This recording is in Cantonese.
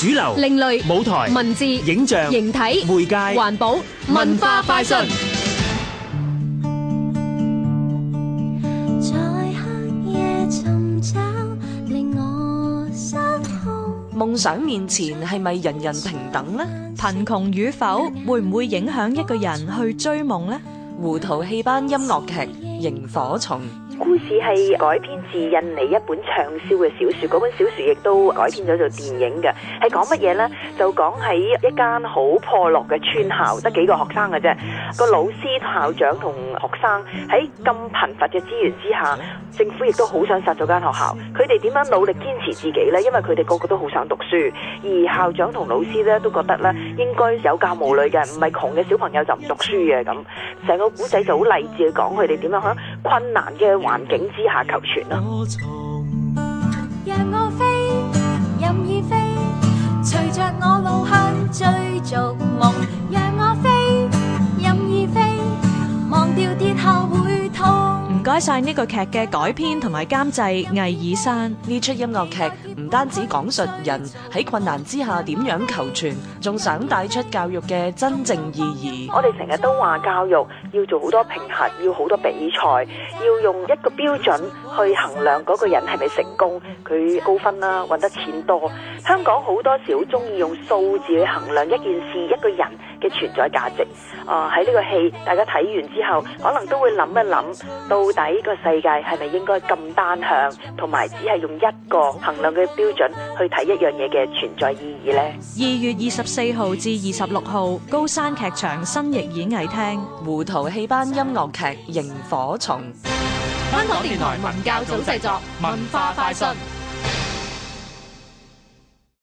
主流、另類舞台、文字、影像、形體、媒介、環保、文化快訊。在黑夜尋找令我失控。夢想面前係咪人人平等呢？貧窮與否會唔會影響一個人去追夢呢？胡桃戲班音樂劇《螢火蟲》。故事係改編自印尼一本暢銷嘅小說，嗰本小說亦都改編咗做電影嘅。係講乜嘢呢？就講喺一間好破落嘅村校，得幾個學生嘅啫。個老師、校長同學生喺咁貧乏嘅資源之下，政府亦都好想殺咗間學校。佢哋點樣努力堅持自己呢？因為佢哋個個都好想讀書，而校長同老師咧都覺得咧，應該有教無類嘅，唔係窮嘅小朋友就唔讀書嘅咁。成個古仔就好勵志，講佢哋點樣。困難嘅環境之下求存咯。讓我飛，任意飛，隨著我路向追逐。唔該晒呢個劇嘅改編同埋監製魏爾山。呢出音樂劇唔單止講述人喺困難之下點樣求存，仲想帶出教育嘅真正意義。我哋成日都話教育要做好多平衡，要好多比賽，要用一個標準去衡量嗰個人係咪成功，佢高分啦，揾得錢多。香港好多時好中意用數字去衡量一件事、一個人。嘅存在價值，啊喺呢個戲，大家睇完之後，可能都會諗一諗，到底個世界係咪應該咁單向，同埋只係用一個衡量嘅標準去睇一樣嘢嘅存在意義咧？二月二十四號至二十六號，高山劇場新翼演藝廳，胡桃戲班音樂劇《螢火蟲》。香港電台文教組製作，文化快訊。